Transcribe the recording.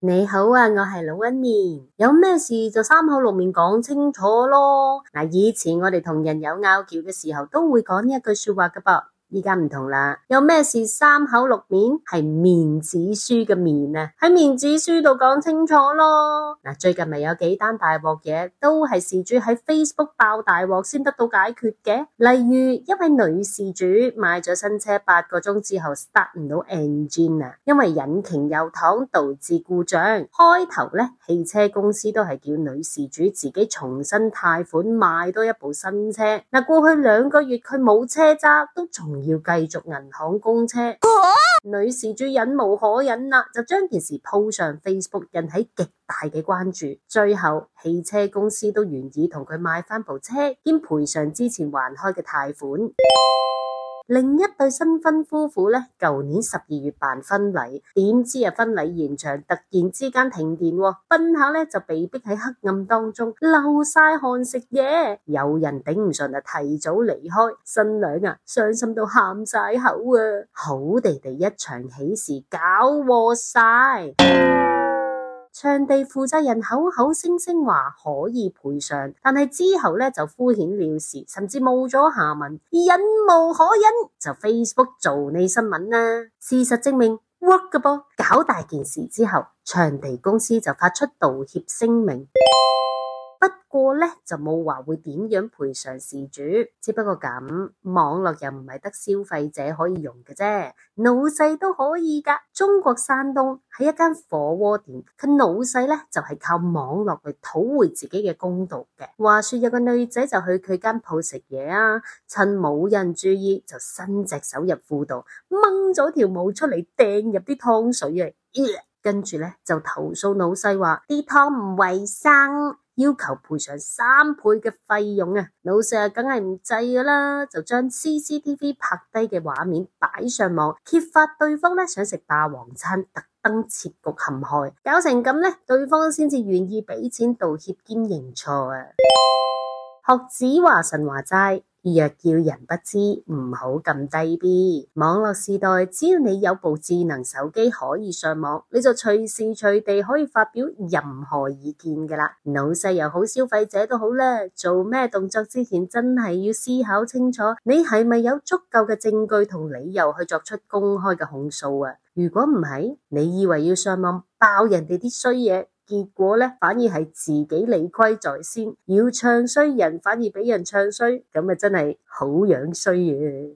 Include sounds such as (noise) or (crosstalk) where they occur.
你好啊，我係老紋敏，有咩事就三口六面講清楚咯。嗱，以前我哋同人有拗撬嘅時候，都會講呢句說話嘅噃。依家唔同啦，有咩事三口六面係面子書嘅面啊，喺面子書度講清楚咯。嗱，最近咪有幾單大鑊嘢，都係事主喺 Facebook 爆大鑊先得到解決嘅。例如一位女事主買咗新車八個鐘之後，start 唔到 engine 啊，因為引擎油糖導致故障。開頭咧，汽車公司都係叫女事主自己重新貸款買多一部新車。嗱，過去兩個月佢冇車揸，都從要繼續銀行供車，呃、女事主忍無可忍啦，就將件事鋪上 Facebook，引起極大嘅關注。最後，汽車公司都願意同佢買翻部車兼賠償之前還開嘅貸款。 (noise) 另一對新婚夫婦咧，舊年十二月辦婚禮，點知啊婚禮現場，突然之間停電，賓客咧就被逼喺黑暗當中流晒汗食嘢，有人頂唔順啊提早離開，新娘啊傷心到喊晒口啊，好地地一場喜事搞禍晒。場地負責人口口聲聲話可以賠償，但係之後咧就敷衍了事，甚至冇咗下文，忍無可忍就 Facebook 做你新聞啦。事實證明 work 噶噃，搞大件事之後，場地公司就發出道歉聲明。過咧就冇話會點樣賠償事主，只不過咁網絡又唔係得消費者可以用嘅啫，老細都可以噶。中國山東喺一間火鍋店，佢老細咧就係靠網絡去討回自己嘅公道嘅。話說有個女仔就去佢間鋪食嘢啊，趁冇人注意就伸隻手入褲度掹咗條毛出嚟掟入啲湯水嘅，跟住咧就投訴老細話啲湯唔衛生。要求賠償三倍嘅費用啊！老細啊，梗係唔制噶啦，就將 CCTV 拍低嘅畫面擺上網揭發對方咧，想食霸王餐，特登設局陷害，搞成咁咧，對方先至願意俾錢道歉兼認錯啊！學子華神話齋。若要人不知，唔好咁低 b。網絡時代，只要你有部智能手機可以上網，你就隨時隨地可以發表任何意見噶啦。老細又好，消費者都好啦，做咩動作之前真係要思考清楚，你係咪有足夠嘅證據同理由去作出公開嘅控訴啊？如果唔係，你以為要上網爆人哋啲衰嘢？結果咧，反而係自己理虧在先，要唱衰人，反而俾人唱衰，咁咪真係好樣衰嘅。